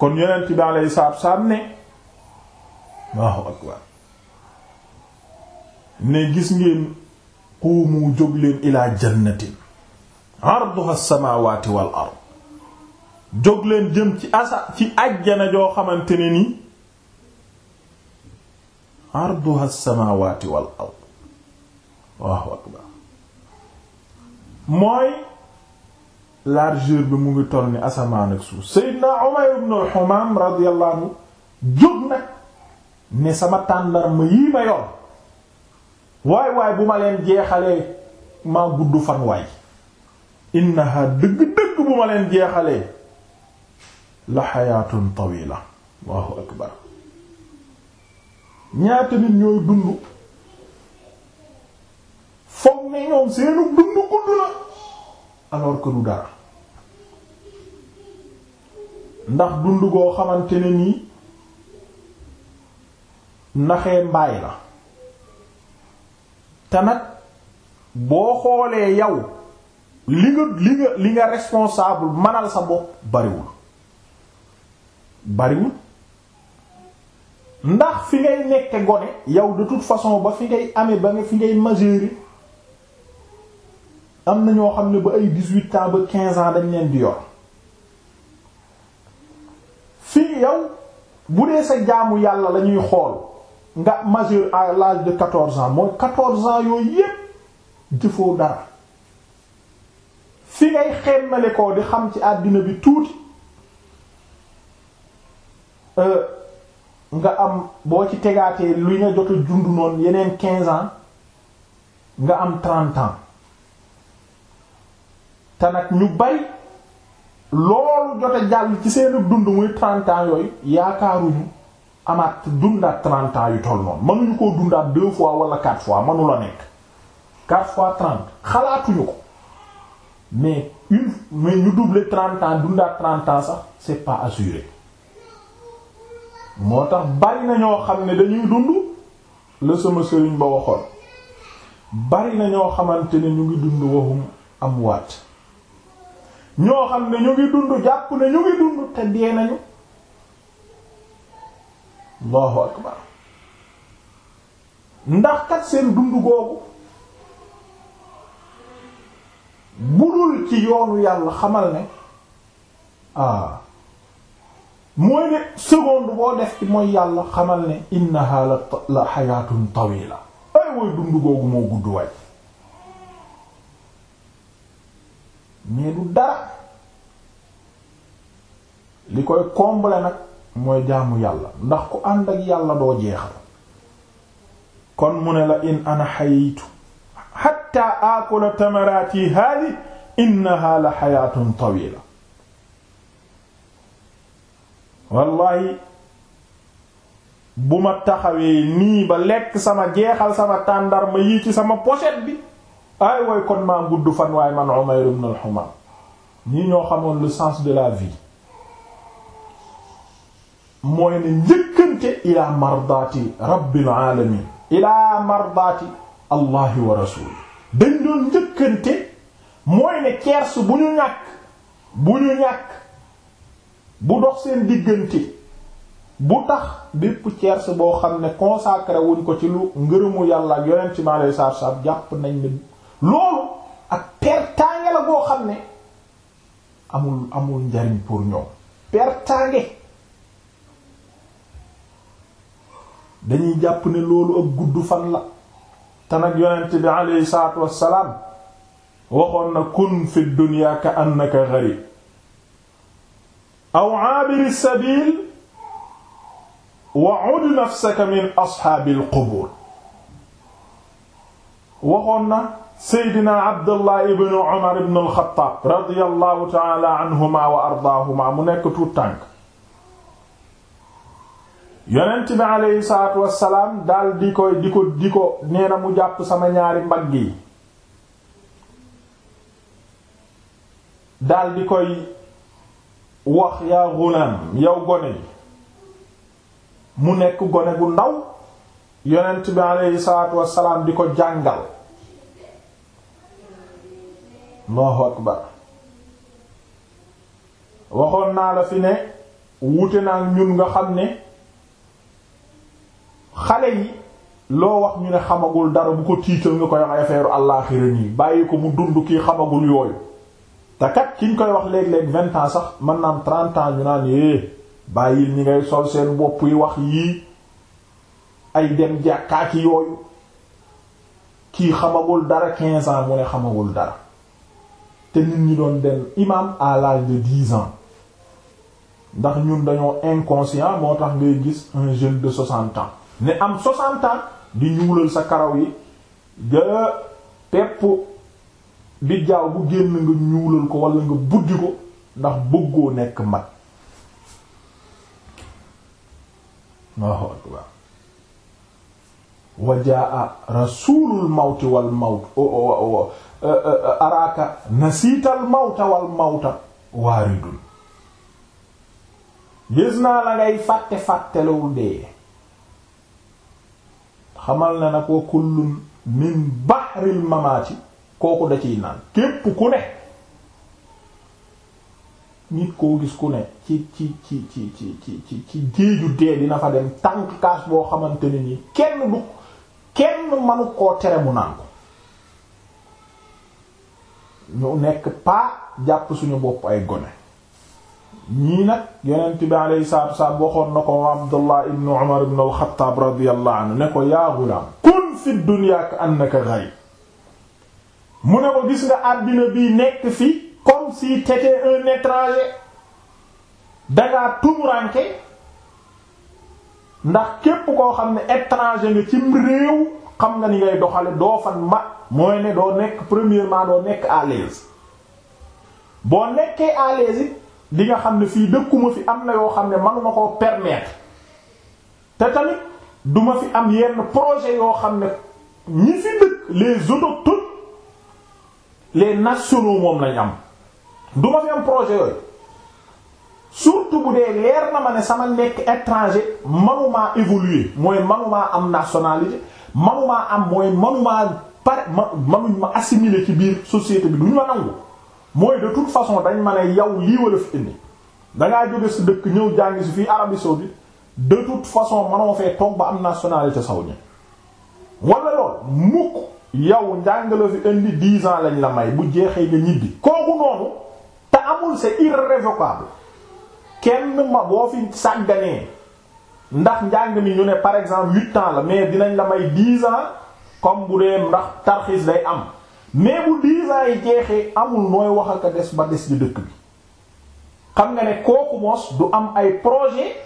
kon yonent bi alayhi salaatu wassalaam ne Allahu akbar ne gis ngeen quumu jóg leen ilaa jannatin arduha as-samaawaati wal ard jóg jëm ci asa ci ajjana joo xamante ne ni arduha as-samaawaati wal ard Allahu akbar mooy largeur bi mu ngi toll ni asamaan ak suuf Seydina Umayr ibn Humam radiyallahu anhu nag ne sama tàndarma yii ma yor waay waay bu ma leen jeexalee maa gudd fan waay innaha dëgg-dëgg bu ma leen jeexalee la xayaatun tawila allahu akbar ñaata nit ñooy dund foog ne ñoom seenu dund gudd la alors que dara ndax dund goo xamante ne nii naxee mbaay la te nag boo xoolee yow li nga li nga li nga responsable manal sa bopp bariwul bariwul ndax fi ngay nekke gone yow de toute façon ba fi ngay amee ba fi ngay majeur am na ñoo xam ne ba ay dix-huit ans ba quinze ans dañ leen di yor yow bu dee sa jaamu yàlla la ñuy xool nga majeur à l'âge de quatorze ans mooy quatorze ans yooyu yépp jëfoo dara fi ngay xemmale ko di xam ci àddina bi tuuti euh, nga am boo ci tegaatee lu nga jot a dund noonu yeneen quinze ans nga am trent ans te nag ñu bari loolu jote jàll ci seen dund muy trente ans yooyu yaakaaruñu amaat dundaat trente yu toll noonu mënuñu koo dundaat deux fois wala quatre fois mënu la nekk quatre fois trente xalaatuñu ko mais une mais ñu duble trente ans dundaat trente ans sax c'est pas assuré moo tax bari na ñoo xam ne dañuy dund la sama sëriñ ba waxoon bari na ñoo xamante ne ñu ngi dund waxum am waat ñoo xam ne ñu ngi dund jàpp ne ñu ngi dund te dee nañu allahu akbar ndax kat seen dund googu budul ci yoonu yàlla xamal ne ah mooy ne seconde boo def ci mooy yàlla xamal ne innaha la la xayaatun tawila ay mooy dund googu moo gudd waay ñii du dara li koy combler nag mooy jaamu yàlla ndax ko ànd ak yàlla doo jeexal kon mu ne la in ana xayitu xatta akula tamaraati haadi innaha la xayaatun tawila wallahi bu ma taxawee nii ba lekk sama jeexal sama tàndarma yii ci sama pochette bi ay way kon maa gudd fan waaye man Umayr ibn al-Humam ñii ñoo xamoon le sens de la vie mooy ne njëkkante ilaa mardaati rabbil alamin ilaa mardaati allahi wa rasul dañ doon njëkkante mooy ne kers bu ñu ñàkk bu ñu ñàkk bu dox seen diggante bu tax bépp kers boo xam ne consacré wuñ ko ci lu ngërëmu yàlla ak yonent mi alayhi salaatu wa salaam jàpp nañ ne loolu ak pertaange la boo xam ne amul amul njariñ pour ñoom pertaange dañuy jàpp ne loolu ak gudd fan la te nag yonent bi aleyhi salaatu wassalaam waxoon na kun fi dunya ka annaka aw aabiri sabil wa ud nafsaka min ashaabil qubur waxoon na seydina abdullah ibn umar ibn alxataab radiallahu taala anhuma wa ardaahuma mu nekk tuut yonent bi aleyhi salaatu wassalaam dal di koy di ko di ko nee na mu jàpp sama ñaari mbagg yi dal di koy wax yaa gulaam yow gone bi mu nekk gone gu ndaw yonent bi aleyhi salaatu wassalaam di ko jàngal Allahu akbar waxoon naa la fi ne wuute naa ñun nga xam ne xale yi loo wax ñu ne xamagul dara bu ko tiital nga koy wax affaire àllaaxira nii bàyyi ko mu dund kii xamagul yooyu te kat ki ñu koy wax léeg-léeg vingt ans sax mën naan trente ans ñu naan yée eh, bàyyil ñi ngay sol seen bopp yi wax yii ay dem jàkkaaki yooyu kii xamagul dara quinze ans mu ne xamagul dara te nit ñi doon dem imam à l'âge de dix ans ndax ñun dañoo inconscient moo tax ngay gis un jeune de soixante ans ne am soixante ans di ñuulal sa karaw yi ga pepp bi jaaw bu génn nga ñuulal ko wala nga buddi ko ndax bëggoo nekk mag waaw waaw wajaa rasulul mawti wal mawt Euh, euh, euh, araaka nasiital mawta wal mawta waaridun gis naa la ngay fàtte fàttelewul dee xamal na nag wa kullun min bahril mamaati kooku da ciy naan képp ku ne nit koo gis ku ne ci ci ci ci ci ci ci ci géeju dee dina fa dem tànk kaas boo xamante ne ni kenn du kenn manu koo tere mu naan ñu nekk paa jàpp suñu bopp ay gone ñii nag yonent bi alayhi salaatu wassalaam waxoon na ko Abdullah ibn Umar ibn al-Khattab radiyallahu ne ko yaa ghulaam kun fi dunya ka annaka mu ne ko gis nga àddina bi nekk fi comme si t'étais un étranger dangaa tumuranke ndax képp koo xam ne étranger nga cim réew xam nga ni ngay doxale doo fan ma mooy ne doo nekk premièrement doo nekk à l'aise boo nekkee à l'aise it nga xam ne fii dëkkuma fi am na yoo xam ne manuma koo permettre te tamit duma fi am yenn projet yoo xam ne ñi fi dëkk les autochtones les nationaux moom lañ am duma fi am projet yooyu surtout bu dee leer na ma ne sama nekk étranger manumaa évoluer mooy manumaa am nationalité manumaa am mooy manumaa pare ma manuñ ma assimiler ci biir société bi duñ ma nangu mooy de toute façon dañ ma ne yow lii wala fi indi dangaa jóge sa dëkk ñëw jàngi si fii Arabie saoudite de toute façon manoo fee toog ba am nationalité saoudien wala lool mukk yow njàng la fi indi dix ans lañ la may bu jeexee nga ñibbi kooku noonu te amul c'est irrévocable kenn ma boo fi sàgganee ndax njàng mi ñu ne par exemple huit ans la mais dinañ la may dix comme bu dee ndax tarxiis day am mais bu dix yi jeexee amul nooy waxal ko des ba des di dëkk bi xam nga ne kooku mos du am ay projet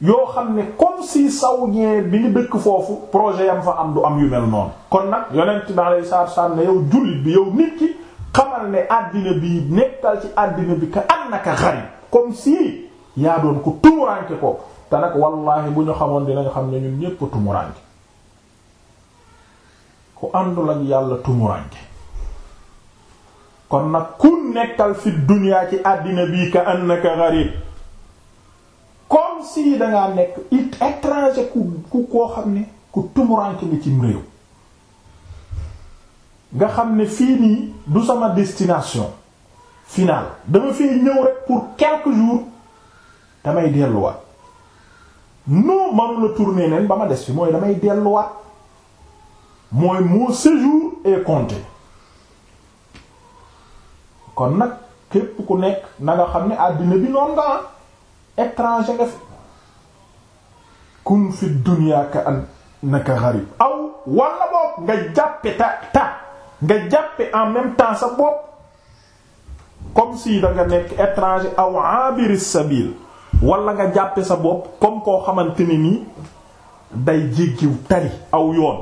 yoo xam ne comme si saoudien bi ñu dëkk foofu projet yam fa am du am yu mel noonu kon nag yonent bi alayhi salaatu wasallam ne yow jullit bi yow nit ki xamal ne àddina bi nekkal ci àddina bi ka annaka gharib comme si yaa doon ko tumuranke ko te nag wallaahi bu ñu xamoon dinañ xam ne ñun ñépp tumuraange ku àndul ak yàlla tumuraange kon nag ku nekkal fi duniyaa ci àddina bii ka annaka gharib comme si dangaa nekk it étranger ku koo xam ne ku tumuraanke nga cim réew nga xam ne fii nii du sama destination finale dama fiy ñëw rek pour quelques jours damay delluwaat non manu la tourner neen ba ma des fi mooy damay delluwaat mooy mon séjour est compté kon nag képp ku nekk na nga xam ne àddina bi noon nga étranger nga fi kun fi dunya ka annaka gharib aw walla nga jàppe ta ta nga jàppe en même temps sa bopp comme si da nga nekk étranger aw abir sabil wala nga jàppe sa bopp comme koo xamante ne nii day jéggiw tali aw yoon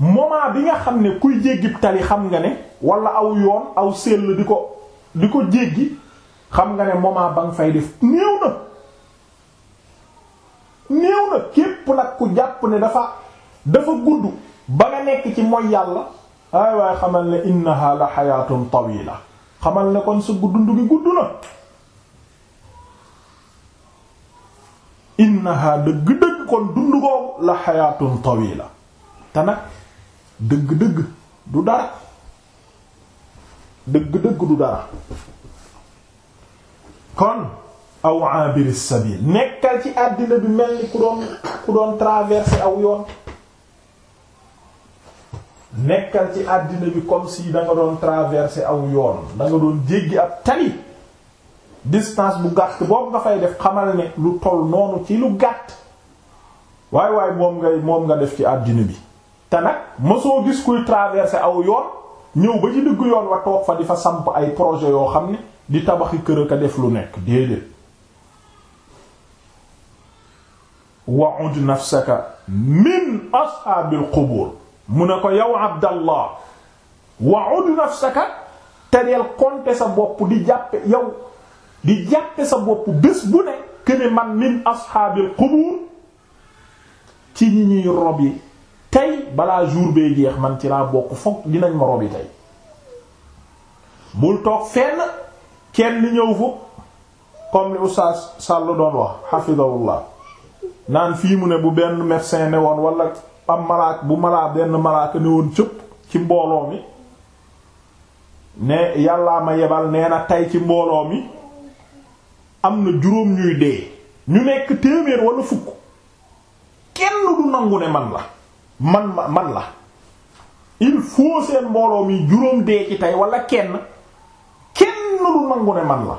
moment bi nga xam ne kuy jéggi tali xam nga ne wala aw yoon aw sell di ko di ko jéggi xam nga ne moment ba nga fay def néew na néew na képp nag ku jàpp ne dafa dafa gudd ba nga nekk ci mooy yàlla ay waaye xamal ne innaha la xayaatun tawila xamal ne kon sa gudd ndu gudd na innaha dëgg-dëgg kon dund googu la xayaatun tawila te nag dëgg-dëgg du dara dëgg-dëgg du dara kon aw abiri sabil nekkal ci àddina bi mel ni ku doon ku doon traverser aw yoon nekkal ci àddina bi comme si da doon traverser aw yoon da doon jéggi ab tali distance bu gàtt boobu nga fay def xamal ne lu toll noonu ci lu gàtt waay waay moom ngay moom nga def ci àddina bi te nag mosoo gis kuy traversé aw yoon ñëw ba ci diggu yoon wa toog fa di fa samp ay projet yoo xam ne di tabaxi kër ak a def lu nekk déedéet wa'ud nafsaka min ashaabil qubur mu ne ko yow abdallah wa'ud nafsaka te deel compter sa bopp di jàppe yow di jàppe sa bopp bés bu ne këne man min ashaabil qubuur ci ñi ñuy rob tey balaa jour bee jeex man ci laa bokk foog dinañ ma rob tey bul toog fenn kenn ñëw fu comme li oustaz Sall doon wax hafizahullah naan fii mu ne bu benn médecin ne woon wala am malaak bu malaak benn malaaka ne woon cëpp ci mbooloo mi ne yàllaa ma yebal nee na tey ci mbooloo mi am na juróom ñuy dee ñu nekk téeméer wala fukk kenn du nangu ne man la man ma man la il faut seen mbooloo mi juróom dee ci tey wala kenn kenn du nangu ne man la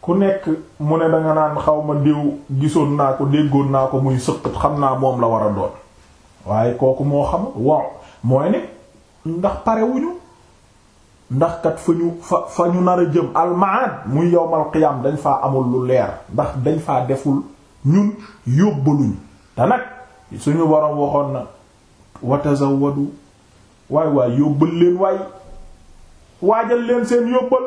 ku nekk mu ne danga naan xaw ma diw gisoon naa ko déggoon naa ko muy sëqat xam naa moom la war a doon waaye kooku moo xam waaw mooy ne ndax pare ndax kat fa ñu fa ñu nar a jëm almaad muy yowmal qiyam dañ fa amul lu leer ndax dañ faa deful ñun yóbbaluñ te nag suñu boroom waxoon na watazawadu waay waay yóbbal leen waay waajal leen seen yóbbal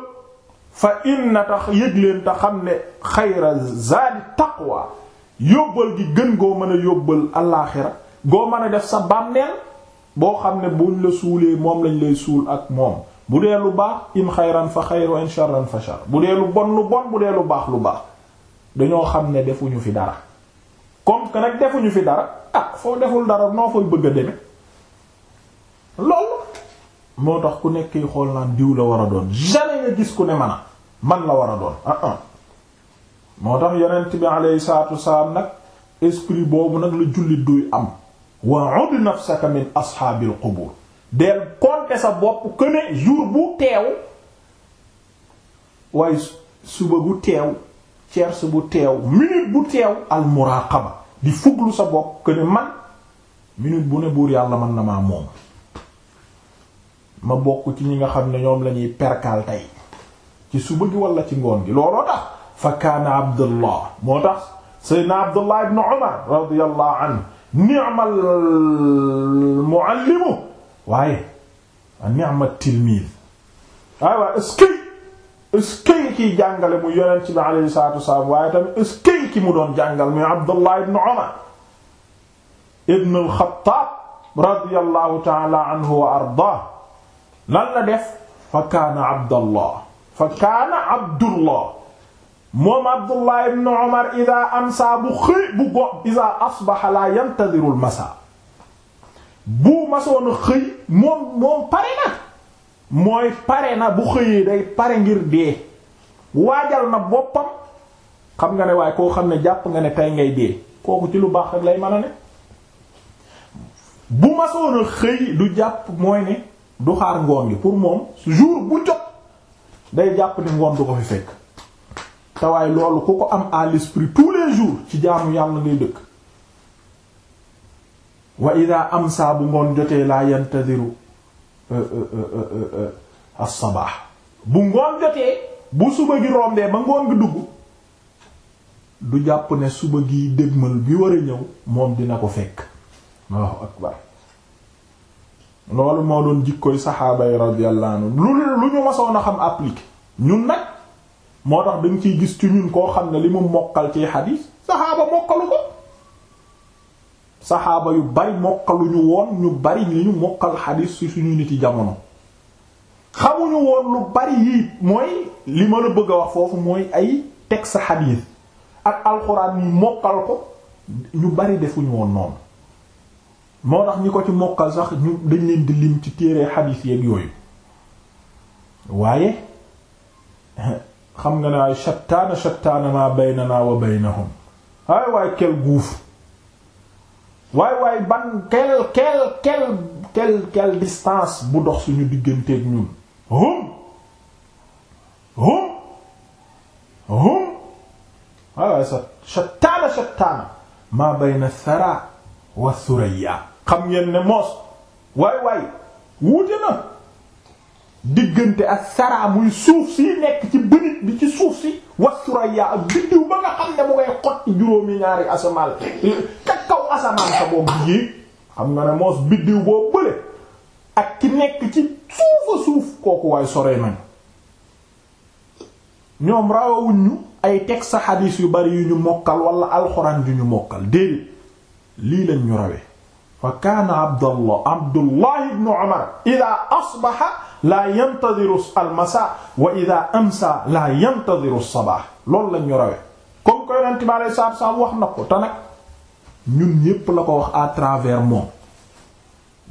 fa inna tax yëg leen te xam ne xayra zaadi taqwa yóbbal gi gën goo mën a yóbbal alaaxira goo mën a def sa bànneel boo xam ne buñ la suulee moom lañ lay suul ak moom bu dee lu baax in xayran fa xayr wa in sharran fa shar bu dee lu bon lu bon bu dee lu baax lu baax dañoo xam ne defuñu fi dara comme que nag defuñu fi dara ah foo deful dara noo fay bëgg a deme loolu moo tax ku nekkee xool naan diw la war a doon jamais gis ku ne man a man la war a doon ah ah moo tax yonent bi alayhi salaatu wasalaam nag esprit boobu nag la jullit duy am wa ud nafsaka min ashaabil qubur del compter sa bopp que ne bu teew waaye suba bu teew tiers bu teew minute bu teew al di fuglu sa bopp que ne man minute bu ne buur yàlla mën na maa moom ma bokk ci ñi nga xam ne ñoom lañuy ñuy perkaal tey ci suba gi wala ci ngoon gi looloo tax fa kaana abdullah moo tax seydna abdullah ibn umar radiyallahu anhu ni'mal muallimu waaye ni'mat tilmiid waaye waaye eskay eskay kiy jàngale mu yonent bi alayhi salaatu wassalaam waaye tamit eskay ki mu doon jàngal muy Abdullah ibn Umar ibn al-Khattab radiyallahu ta'ala anhu wa ardaa lan la def fa kaana Abdullah fa kaana Abdullah moom Abdullah ibn Umar idaa amsaa bu xëy bu go idaa asbaha laa yantadiru al-masaa bu masoon a xëy moom moom pare na mooy pare na bu xëyee day pare ngir dee waajal na boppam xam nga ne waaye koo xam ne jàpp nga ne tey ngay dee kooku ci lu baax rek lay mën a ne bu masoon a xëy du jàpp mooy ne du xaar ngoon gi pour moom jour bu jot day jàpp ni ngoon du ko fi fekk te waaye loolu ku ko am à l'esprit tous les jours ci jaamu yàlla ngay dëkk wa ida amsa bu ngoon jotee laa yantadiru euh, euh, euh, as-sabah bu ngoon jotee bu suba gi rombee ba ngoon gi dugg du jàpp ne suba gi dégmal bi war a ñëw moom dina ko fekk waaw loolu moo doon jikkoy saxaaba yi radiyallahu anhum lu lu ñu masoon a xam appliqué ñun nag moo tax dañ ciy gis ci ñun koo xam ne li mu mokkal ci xadiis saxaaba mokkalu ko saxaaba yu bari mokkaluñu woon ñu bari ñu mokkal xadiis ci suñu nit yi jamono xamuñu woon lu bari yii mooy li ma la bëgg a wax foofu mooy ay teg sa xadiis ak alxuraan yi mokkal ko ñu bari defuñu woon noonu moo tax ñi ko ci mokkal sax ñu dañ leen di lim ci téere xadiis yeeg yooyu waaye xam nga ne waaye shattaana shattaana ma baynana wa baynahum ay waaye kel guuf waay waay ban quel quel quel quel distance bu dox suñu digganteeg ñun hum hum hum waaw sa shattaana shattaana maa bayna thara wa xam ngeen ne moos waay waay wuute na diggante ak sara muy suuf si nekk ci bënit bi ci suuf si wa thuraya ak biddiw ba nga xam ne mu ngay xotti juróomi ñaari asamal kaw asamaan sa boo jigéen xam nga ne moos biddiw boo bële ak ki nekk ci suufa suuf kooku waaye soree nañ ñoom rawawuñ ay teg sa xadiis yu bari yu ñu mokkal wala alxuraan yu ñu mokkal déedéet lii lañ ñu rawee fa kaana abdallah abdullah ibnu umar ida asbaxa laa yantadiru almasa wa ida laa yantadiru sabaax loolu lañ ñu rawee comme ko wax na ko nag ñun ñépp la ko wax à travers moom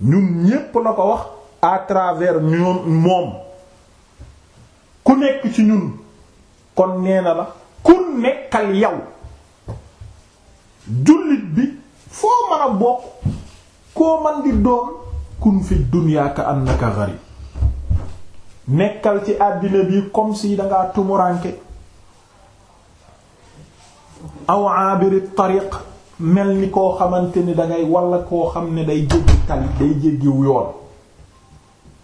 ñun ñépp la ko wax à travers ñoom moom ku nekk ci ñun kon nee na la ku nekkal yow jullit bi foo mën a bokk koo man di doon kun fi dunya ka annaka gharib nekkal ci àddina bi comme si dangaa tumuranke aw abiri tariq mel ni koo xamante ni dangay walla koo xam ne day jéggi tali day jéggiw yoon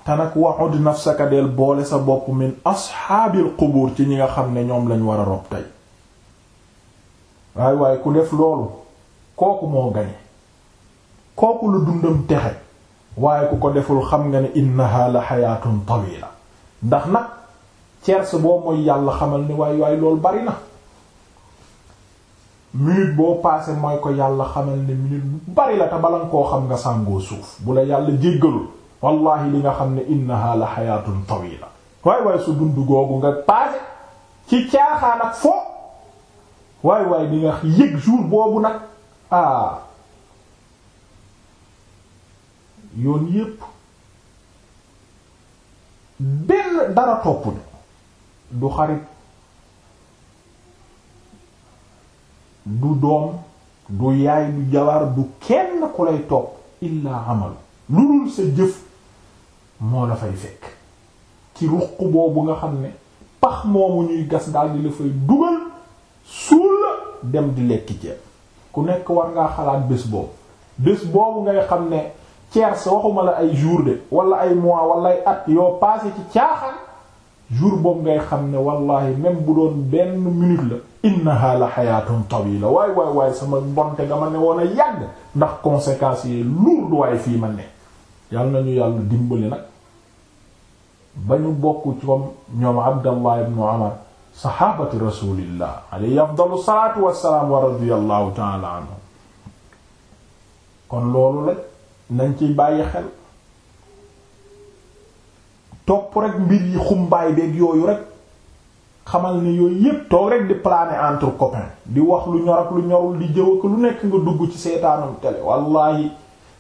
te nag waxud nafsaka del boole sa bopp min asxaabil qubur ci ñi nga xam ne ñoom lañu war a rob tey waaye waaye ku def loolu kooku moo gañe kooku lu dundam texe waaye ku ko deful xam nga ne innaha la xayaatun tawila ndax nag cerse boo mooy yàlla xamal ni waaye waaye loolu bari na minute boo paase mooy ko yàlla xamal ne minute bu bari la te balan koo xam nga sàngoo suuf bu la yàlla jéggalul wallahi li nga xam ne innaha la xayaatun tawila waay waay su dund googu nga passé ci caaxaan ak foo waay waay nga yëg jour boobu nag ah yoon yépp benn dara topp du xarit du doom du yaay du jabar du kenn ku lay topp illaa amal lu dul sa jëf moo la fay fekk ci ruq boobu nga xam ne pax moomu ñuy gas daal di la fay dugal suul la dem di lekki ceeb ku nekk war ngaa xalaat bés boobu bés boobu ngay xam ne ceer sa waxuma la ay jour de wala ay mois wala at yoo passé ci caaxaan jour boobu ngay xam ne wallahi même bu doon benn minute la innaha la xayaatun tawila waay waay waay sama bonte ga ma ne woon a yàgg ndax conséquences yi lourd waaye fii man ne yàlla nañu yàlla dimbali nag ba ñu bokk ci comme ñoom abdallah ibnu umar sahabati rasulillah alayhi afdalu salatu wasalaam wa radiyallahu taala anhu kon loolu la nañ ci bàyyi xel topp rek mbir yi xumbaay beeg yooyu rek xamal ni yooyu yépp toog rek di planer entre copains di wax lu ñor lu ñorul di jëw ak lu nekk nga dugg ci seetaanum télé wallahi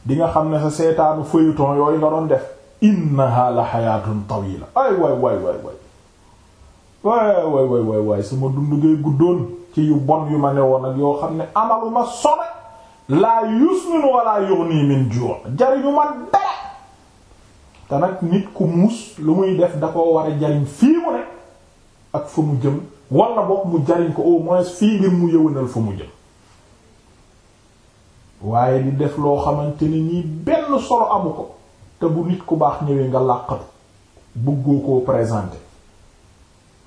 di nga xam ne sa seetaanu feuilleton yooyu nga doon def innaha la xayaatun tawila ay waay waay waay waay waay waay waay waay dund ngay guddoon ci yu bon yu ma ne woon ak yoo xam ne amaluma sone laa yusmin wala yughni min ju' jariñu ma dara te nag nit ku muus lu muy def da ko war a jariñ fii mu ne ak fa mu jëm wala boog mu jariñ ko au moins fii ngir mu yëwanal fa mu jëm waaye di def loo xamante ni nii benn solo amu ko te bu nit ku baax ñëwee nga làqatu bëggoo ko présenté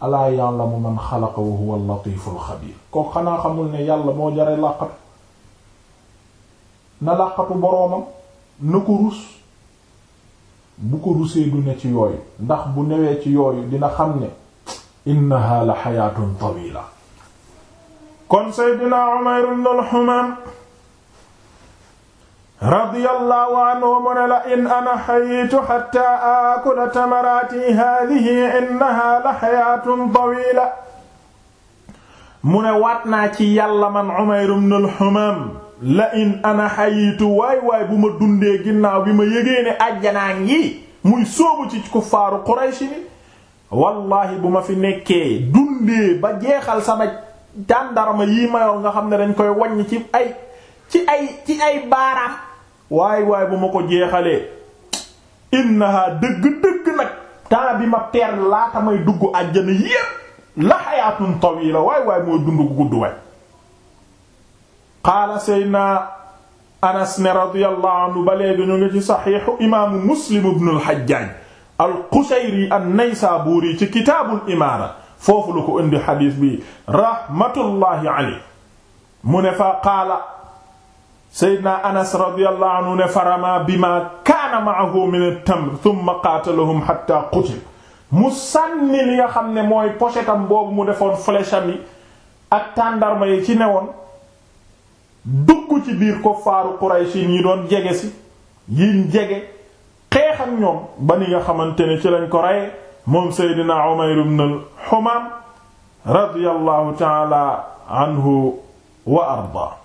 alaa ya'lamu man xalaqa wa huwa al xabiir ko xanaa xamul ne yàlla moo jaree làqatu na làqatu boroomam na ko rus bu ko rusee du ne ci yooyu ndax bu newee ci yooyu dina xam ne innaha la xayaatun tawila kon seydina Umayr ibn al-Humam anhu mu ne la in ana xayitu xatta aakula tamaraati haadihi innaha la xayaatun tawila mu ne ci yàlla man Umayr ibn al la in ana xayitu waay bu ma dundee ginnaaw bi ma yégee ne muy sóobu ci kuffaaru Quraysh wallahi bu ma fi nekkee dundee ba jeexal sama tàndarma yii mayoon nga xam ne dañ koy waññ ci ay ci ay ci ay baaraam waay waay bu ma ko jeexalee innaha dëgg-dëgg nag temps bi ma peer laata may dugg àjjana yépp la xayaatun tawila waay waay mooy dund gu gudd waay qaala sayna anas ne radiyallahu anhu ba léegi ñu ngi ci saxiixu imaamu muslim ibn al al-Qushayri an-Naysaburi ci kitaabul imaara foofu lu ko indi xadiis bi rahmatullahi alayhi mu ne fa qaala Seydina Anas radiyallahu anhu ne farama bima ma ma'ahu min at-tamr thumma qaatalahum hatta qutil mu sànni li nga xam ne mooy pochetam boobu mu defoon flècham yi ak tàndarma yi ci newoon dugg ci biir kuffaaru Quraysh yi doon jege si yiñ xeex ak ñoom ba ni nga xamante ne ci lañ ko rey moom Seydina Umayr ibn al-Humam radiyallahu ta'ala anhu wa arda